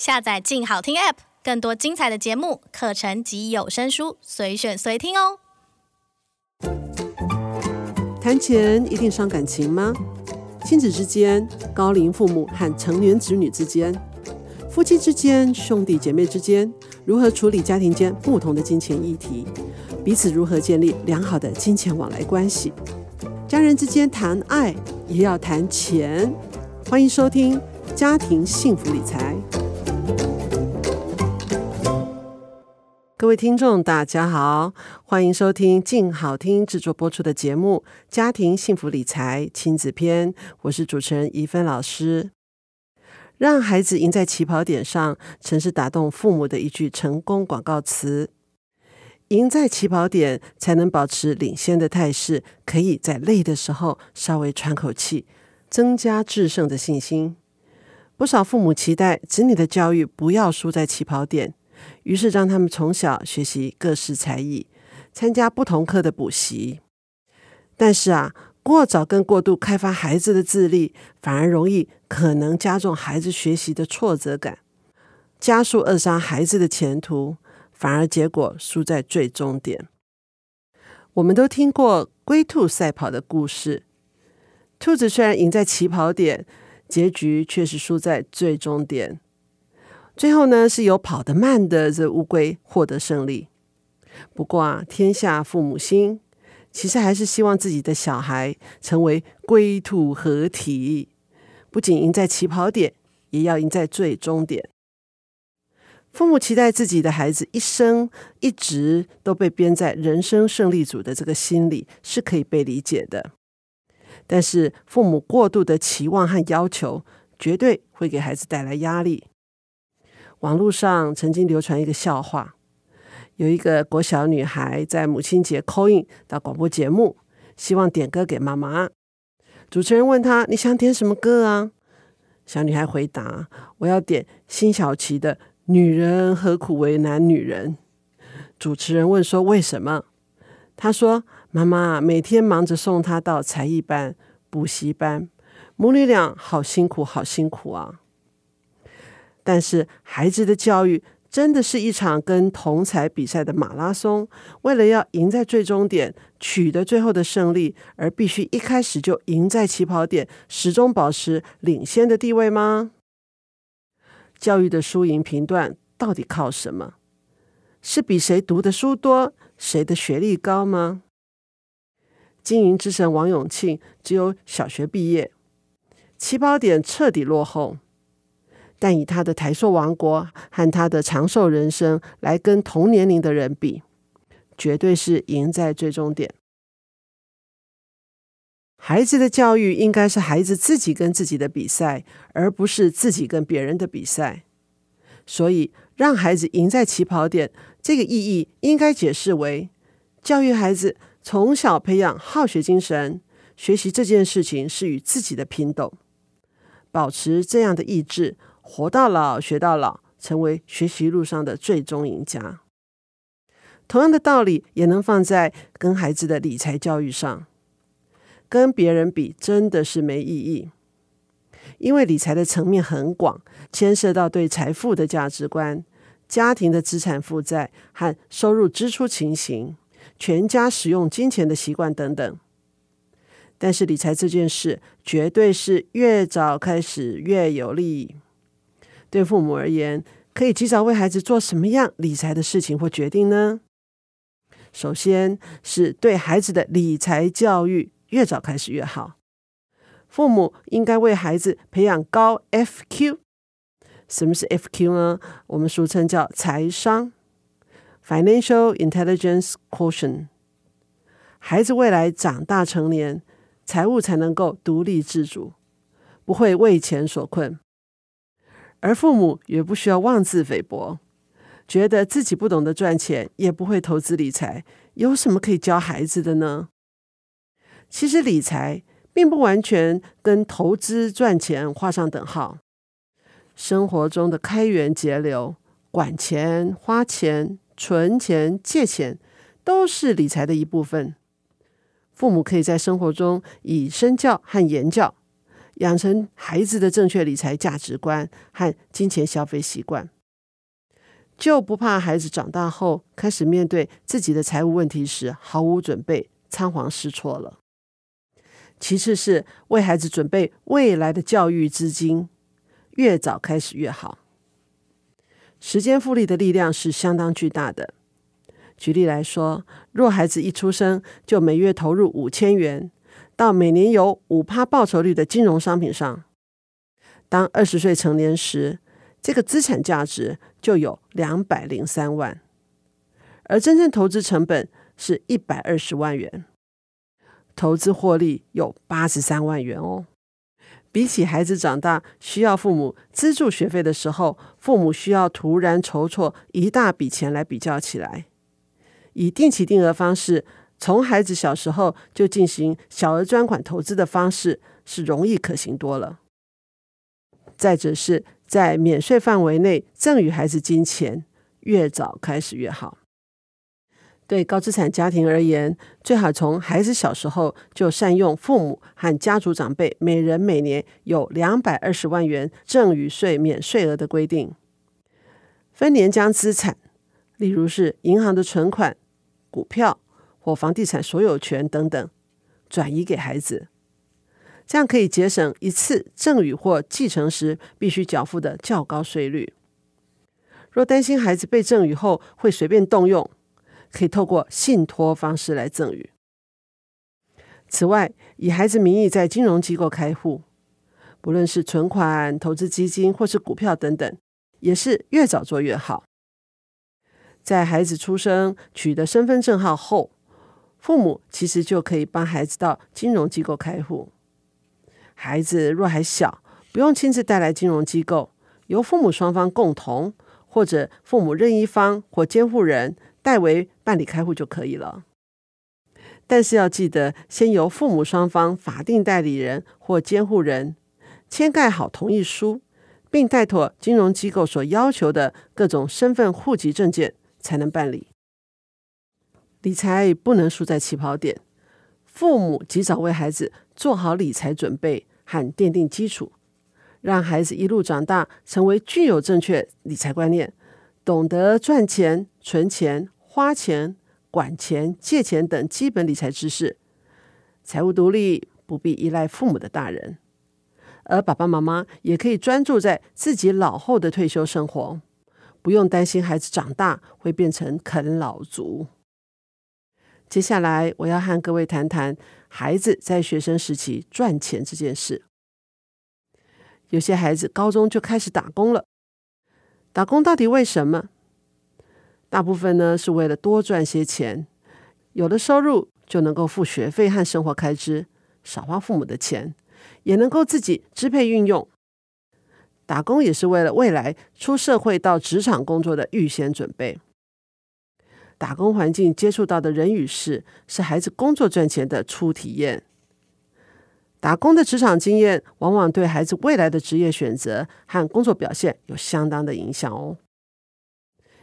下載“鏡好聽 ”App，更多精彩的節目、課程及有聲書，隨選隨聽哦。談錢一定傷感情嗎？親子之間、高齡父母和成年子女之間、夫妻之間、兄弟姐妹之間，如何處理家庭間不同的金錢議題？彼此如何建立良好的金錢往來關係？家人之間談愛也要談錢。歡迎收聽《家庭幸福理財》。各位聽眾，大家好，歡迎收聽靜好聽制作播出的節目《家庭幸福理財親子篇》，我是主持人怡芬老師。讓孩子贏在起跑點上，曾是打動父母的一句成功廣告詞。贏在起跑點，才能保持領先的態勢，可以在累的時候稍微喘口氣，增加制勝的信心。不少父母期待子女的教育不要輸在起跑點。於是讓他們從小學習各式才藝，參加不同課的補習。但是啊，過早跟過度開發孩子的智力，反而容易可能加重孩子學習的挫折感，加速扼殺孩子的前途，反而結果輸在最終點。我們都聽過龜兔賽跑的故事，兔子雖然贏在起跑點，結局卻是輸在最終點。最後呢，是由跑得慢的這烏龜獲得勝利。不過啊，天下父母心，其實還是希望自己的小孩成為龜兔合體，不僅贏在起跑點，也要贏在最終點。父母期待自己的孩子一生一直都被編在人生勝利組的這個心理是可以被理解的，但是父母過度的期望和要求，絕對會給孩子帶來壓力。網絡上曾經流傳一個笑話，有一個國小女孩在母親節 call in 到廣播節目，希望點歌給媽媽。主持人問她：“你想點什麼歌啊？”小女孩回答：“我要點辛曉琪的《女人何苦為難女人》。”主持人問說：“為什麼？”她說：“媽媽每天忙着送她到才藝班、補習班，母女倆好辛苦，好辛苦啊。”但是孩子的教育真的是一場跟同儕比賽的馬拉松，為了要贏在最終點，取得最後的勝利，而必須一開始就贏在起跑點，始終保持領先的地位嗎？教育的輸贏評斷到底靠什麼？是比誰讀的書多，誰的學歷高嗎？經營之神王永慶只有小學畢業，起跑點徹底落後。但以他的台塑王國和他的長壽人生來跟同年齡的人比，絕對是贏在最終點。孩子的教育應該是孩子自己跟自己的比賽，而不是自己跟別人的比賽。所以，讓孩子贏在起跑點，這個意義應該解釋為：教育孩子從小培養好學精神，學習這件事情是與自己的拼鬥，保持這樣的意志。活到老學到老，成為學習路上的最終贏家。同樣的道理也能放在跟孩子的理財教育上。跟別人比真的是沒意義，因為理財的層面很廣，牽涉到對財富的價值觀、家庭的資產負債和收入支出情形、全家使用金錢的習慣等等。但是理財這件事絕對是越早開始越有利益。對父母而言，可以及早為孩子做什麼樣理財的事情或決定呢？首先是對孩子的理財教育，越早開始越好。父母應該為孩子培養高 FQ。什麼是 FQ 呢？我們俗稱叫財商 （Financial Intelligence Quotient）。孩子未來長大成年，財務才能夠獨立自主，不會為錢所困。而父母也不需要妄自菲薄，覺得自己不懂得賺錢，也不會投資理財，有什麼可以教孩子的呢？其實理財並不完全跟投資賺錢畫上等號，生活中的開源節流、管錢、花錢、存錢、借錢，都是理財的一部分。父母可以在生活中以身教和言教。養成孩子的正確理財價值觀和金錢消費習慣，就不怕孩子長大後開始面對自己的財務問題時毫無準備，倉皇失措了。其次是為孩子準備未來的教育資金，越早開始越好。時間複利的力量是相當巨大的。舉例來說，若孩子一出生就每月投入五千元。到每年有五趴報酬率的金融商品上，當二十歲成年時，這個資產價值就有兩百零三萬，而真正投資成本是一百二十萬元，投資獲利有八十三萬元哦。比起孩子長大需要父母資助學費的時候，父母需要突然籌措一大筆錢來比較起來，以定期定額方式。從孩子小時候就進行小額專款投資的方式是容易可行多了。再者是在免稅範圍內贈與孩子金錢，越早開始越好。對高資產家庭而言，最好從孩子小時候就善用父母和家族長輩每人每年有兩百二十萬元贈與稅免稅額的規定，分年將資產，例如是銀行的存款、股票。或房地產所有權等等轉移給孩子，這樣可以節省一次贈與或繼承時必須繳付的較高稅率。若擔心孩子被贈與後會隨便動用，可以透過信托方式來贈與。此外，以孩子名義在金融機構開戶，不論是存款、投資基金或是股票等等，也是越早做越好。在孩子出生取得身份證號後，父母其實就可以幫孩子到金融機構開戶。孩子若還小，不用親自帶來金融機構，由父母雙方共同，或者父母任一方或監護人代為辦理開戶就可以了。但是要記得，先由父母雙方法定代理人或監護人簽蓋好同意書，並帶妥金融機構所要求的各種身份戶籍證件，才能辦理。理財不能輸在起跑點，父母及早為孩子做好理財準備和奠定基礎，讓孩子一路長大，成為具有正確理財觀念、懂得賺錢、存錢、花錢、管錢、借錢等基本理財知識，財務獨立，不必依賴父母的大人。而爸爸媽媽也可以專注在自己老後的退休生活，不用擔心孩子長大會變成啃老族。接下來，我要和各位談談孩子在學生時期賺錢這件事。有些孩子高中就開始打工了，打工到底為什麼？大部分呢，是為了多賺些錢，有了收入就能夠付學費和生活開支，少花父母的錢，也能夠自己支配運用。打工也是為了未來出社會到職場工作的預先準備。打工環境接觸到的人與事，是孩子工作賺錢的初體驗。打工的職場經驗，往往對孩子未來的職業選擇和工作表現有相當的影響哦。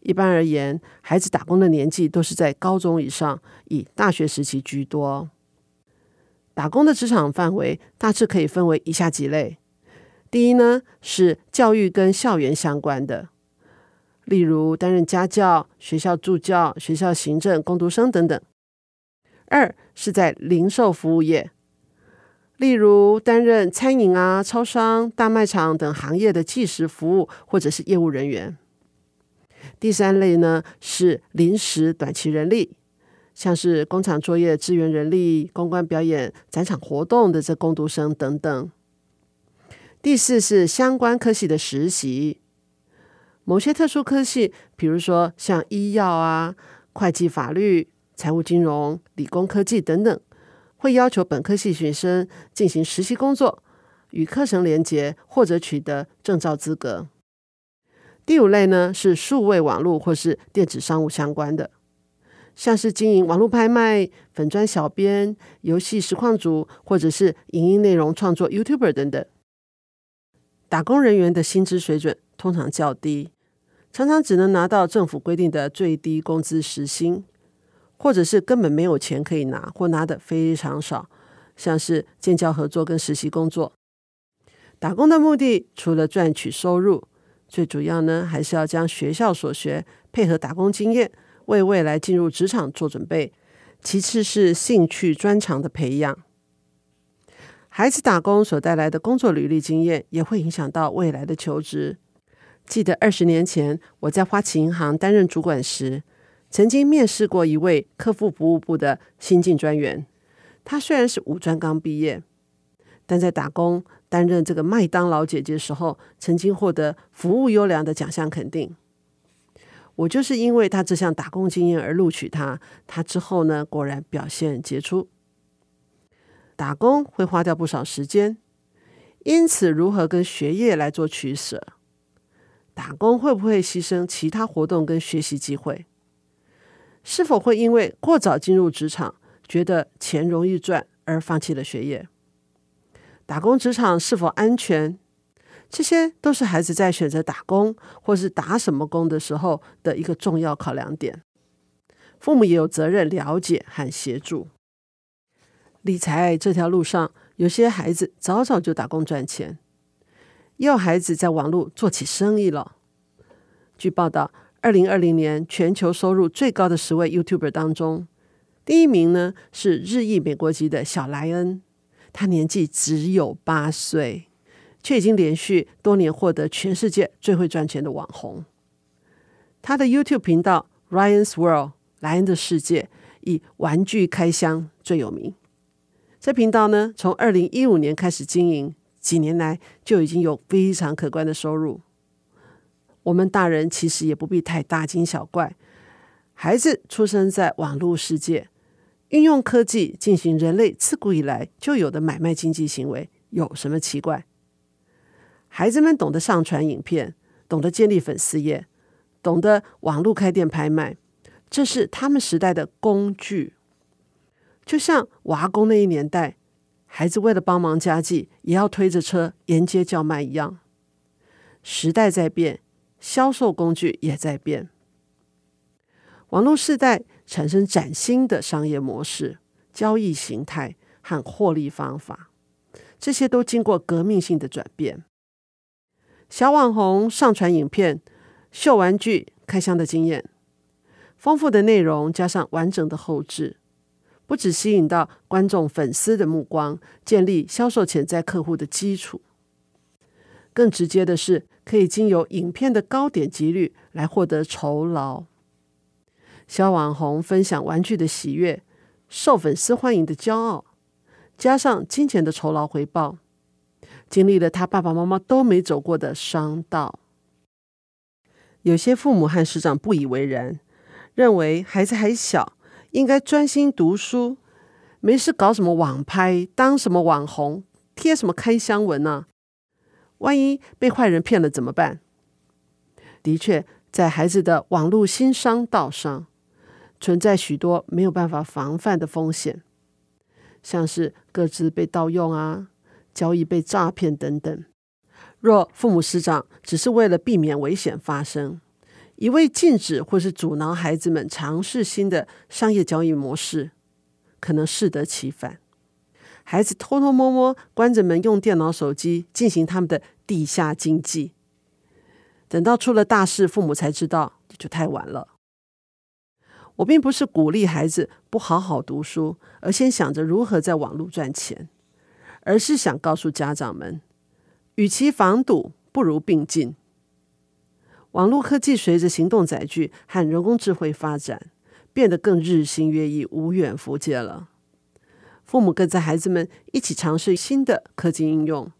一般而言，孩子打工的年紀都是在高中以上，以大學時期居多。打工的職場範圍大致可以分為以下幾類：第一呢，是教育跟校園相關的。例如擔任家教、學校助教、學校行政、工讀生等等。二是在零售服務業，例如擔任餐飲啊、超商、大賣場等行業的計時服務或者是業務人員。第三類呢，是臨時短期人力，像是工廠作業支援人力、公關表演、展場活動的這工讀生等等。第四是相關科系的實習。某些特殊科系，比如說像醫藥啊、會計、法律、財務、金融、理工科技等等，會要求本科系學生進行實習工作，與課程連結或者取得證照資格。第五類呢是數位網絡或是電子商務相關的，像是經營網絡拍賣、粉專小編、遊戲實況主，或者是影音內容創作、YouTuber 等等。打工人員的薪資水準通常較低。常常只能拿到政府規定的最低工資時薪，或者是根本沒有錢可以拿，或拿的非常少。像是建教合作跟實習工作，打工的目的除了賺取收入，最主要呢還是要將學校所學配合打工經驗，為未來進入職場做準備。其次是興趣專長的培養。孩子打工所帶來的工作履歷經驗，也會影響到未來的求職。記得二十年前，我在花旗銀行擔任主管時，曾經面試過一位客戶服務部的新進專員。他雖然是五專剛畢業，但在打工擔任這個麥當勞姐姐的時候，曾經獲得服務優良的獎項肯定。我就是因為他這項打工經驗而錄取他。他之後呢，果然表現傑出。打工會花掉不少時間，因此如何跟學業來做取捨？打工會不會犧牲其他活動跟學習機會？是否會因為過早進入職場，覺得錢容易賺而放棄了學業？打工職場是否安全？這些都是孩子在選擇打工或是打什麼工的時候的一個重要考量點。父母也有責任了解和協助。理財這條路上，有些孩子早早就打工賺錢。也有孩子在網絡做起生意了。據報道，二零二零年全球收入最高的十位 YouTuber 當中，第一名呢是日裔美國籍的小萊恩，他年紀只有八歲，卻已經連續多年獲得全世界最會賺錢的網紅。他的 YouTube 頻道 Ryan's World（ 萊恩的世界）以玩具開箱最有名。這頻道呢，從二零一五年開始經營。幾年來就已經有非常可觀的收入。我們大人其實也不必太大驚小怪。孩子出生在網絡世界，運用科技進行人類自古以來就有的買賣經濟行為，有什麼奇怪？孩子們懂得上傳影片，懂得建立粉絲頁，懂得網絡開店拍賣，這是他們時代的工具。就像我阿公那一年代，孩子為了幫忙家計，也要推着車沿街叫賣一樣。時代在變，銷售工具也在變。網絡世代產生嶄新的商業模式、交易形態和獲利方法，這些都經過革命性的轉變。小網紅上傳影片，秀玩具開箱的經驗，豐富的內容加上完整的後製。不只吸引到觀眾、粉絲的目光，建立銷售潛在客戶的基礎，更直接的是可以經由影片的高點擊率來獲得酬勞。小網紅分享玩具的喜悅，受粉絲歡迎的驕傲，加上金錢的酬勞回報，經歷了他爸爸媽媽都沒走過的商道。有些父母和師長不以為然，認為孩子還小，應該專心讀書，沒事搞什麼網拍、當什麼網紅、貼什麼開箱文呢、啊？萬一被壞人騙了怎麼辦？的確，在孩子的網絡新商道上，存在許多沒有辦法防範的風險，像是個資被盜用啊、交易被詐騙等等。若父母師長只是為了避免危險發生。一味禁止或是阻撓孩子們嘗試新的商業交易模式，可能適得其反。孩子偷偷摸摸關着門用電腦、手機進行他們的地下經濟，等到出了大事，父母才知道，就，就太晚了。我並不是鼓勵孩子不好好讀書，而先想着如何在網絡賺錢，而是想告訴家長們，與其防堵，不如並進。網絡科技隨着行動載具和人工智慧發展，變得更日新月異、無遠弗屆了。父母跟著孩子們一起嘗試新的科技應用，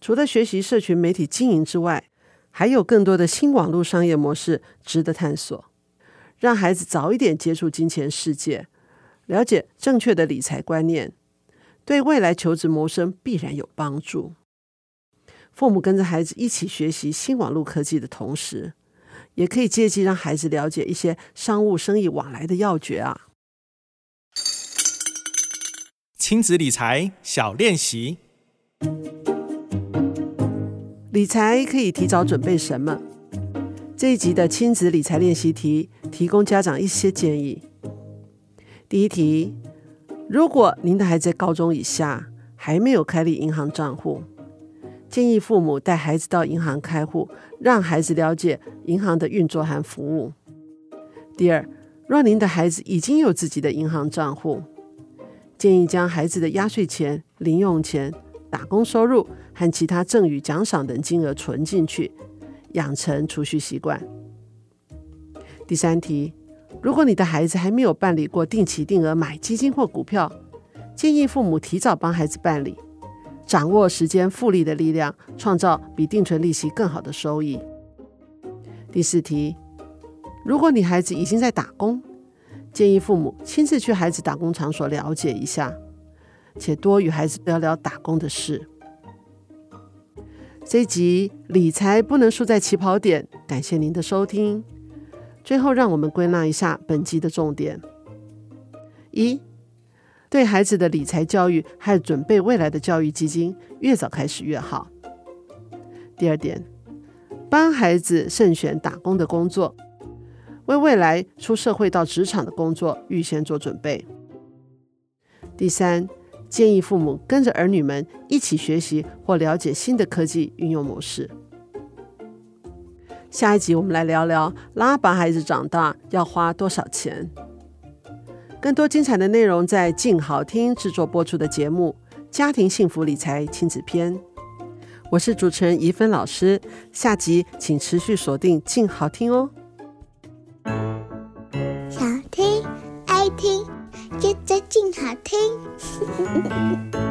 除了學習社群媒體經營之外，還有更多的新網絡商業模式值得探索。讓孩子早一點接觸金錢世界，了解正確的理財觀念，對未來求職謀生必然有幫助。父母跟着孩子一起學習新網絡科技的同時，也可以借機讓孩子了解一些商務生意往來的要訣啊。親子理財小練習，理財可以提早準備什麼？這一集的親子理財練習題提供家長一些建議。第一題：如果您的孩子在高中以下還沒有開立銀行賬戶。建議父母帶孩子到銀行開戶，讓孩子了解銀行的運作和服務。第二，若您的孩子已經有自己的銀行賬戶，建議將孩子的壓歲錢、零用錢、打工收入和其他贈與獎賞等金額存進去，養成儲蓄習慣。第三題，如果你的孩子還沒有辦理過定期定額買基金或股票，建議父母提早幫孩子辦理。掌握時間複利的力量，創造比定存利息更好的收益。第四題，如果你孩子已經在打工，建議父母親自去孩子打工場所了解一下，且多與孩子聊聊打工的事。這一集理財不能輸在起跑點，感謝您的收聽。最後，讓我們歸納一下本集的重點：一。對孩子的理財教育還有準備未來的教育基金，越早開始越好。第二點，幫孩子慎選打工的工作，為未來出社會到職場的工作預先做準備。第三，建議父母跟着兒女們一起學習或了解新的科技運用模式。下一集我們來聊聊拉拔孩子長大要花多少錢。更多精彩的內容在靜好聽制作播出的節目《家庭幸福理財親子篇》，我是主持人怡芬老師，下集請持續鎖定靜好聽哦。想聽愛聽，接着靜好聽。